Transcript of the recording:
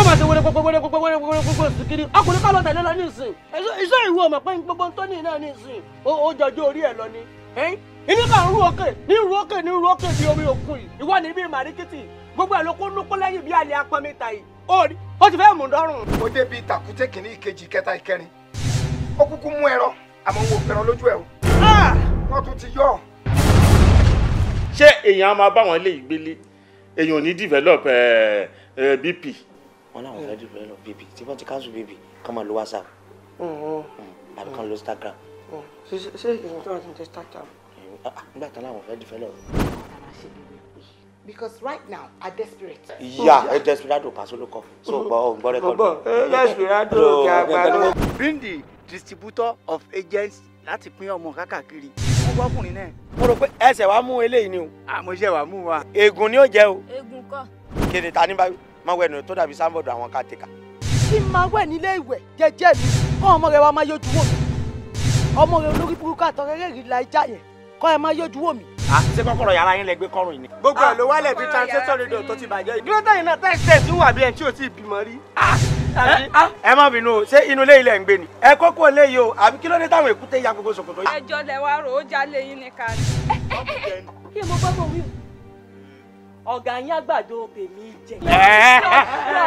ó máa ṣe wẹrẹ pẹpẹ wẹrẹ pẹpẹ wẹrẹ pẹpẹ pẹpẹ sikiri ọkùnrin kọ́ ló tẹ̀lé lọ nísìn iṣẹ́ ìwé ọmọ pé gbogbo ń tọ́ni náà nísìn ó jọjú orí ẹ̀ lọ ni inú kan ń ru òkè ní ru òkè ní ru òkè bí omi òkun yìí ìwọ ni bí màríkìtì gbogbo ẹ̀ ló kó nú kó lẹ́yìn bí alẹ́ apamẹ́ta yìí ó rí ó ti fẹ́ mú dọ́rùn. ó débi tàkúté kìíní ìkejì kẹta ìkẹrin ó kúkú mú ẹran àmọ́ wọn ò fẹ́ràn lójú ẹ̀ o wọ́n tún ti yọ. ṣé èèyàn á máa bá wọn lé ìgbélé èèyàn ò ní develop BP wọn làwọn fẹ́ẹ́ dìbò lọ bèbí tí wọ́n ti cancel bèbí kàn máa lo whatsapp hmm, hmm. Hmm, àbí kàn lo instagram. ṣe ṣe ìyẹn tó wà ní instagram. Ah, ah, nígbà tán làwọn fẹ́ẹ́ dìbò lọ. because right now i desperate. ìyá ẹ desperado paṣọ ló kọ so gbọ́ ọ gbọ́ rẹ́kọ̀dù. gbọ́ desperado kí a gbà lọ. being the distributor of agents láti pín ọmọ kákàkiri ọgbọ́kùnrin náà. mo rò pé ẹsẹ̀ wa mú eléyìí ni o. àmọ́ ah, iṣẹ́ wa mú wa. ègún ni ó jẹ́ o. ègùn kọ́. kèrè ta ní báyìí má wẹ̀ nù tó dàbí sáńbọ̀dù àwọn kàtẹ́kà. ṣé máa wẹ̀ nílé ìwẹ̀ jẹ́jẹ́ mi kọ́ ọmọ rẹ wa máa yójú wò mí ọmọ rẹ olórí burúkú àtọ̀rẹ́ rẹ̀ rí la ìjà yẹn kọ́ ẹ máa yójú wò mí. à ṣé kọ́kọ́rọ́ yàrá yín lẹ kọ́rùn yìí ni. gbogbo ah, ẹ̀ ló wálẹ̀ bíi transistor radio tó ti bàjẹ́ yìí. bí ẹni tí yín ní kan. kí yín àgbàdo tèmi jẹ.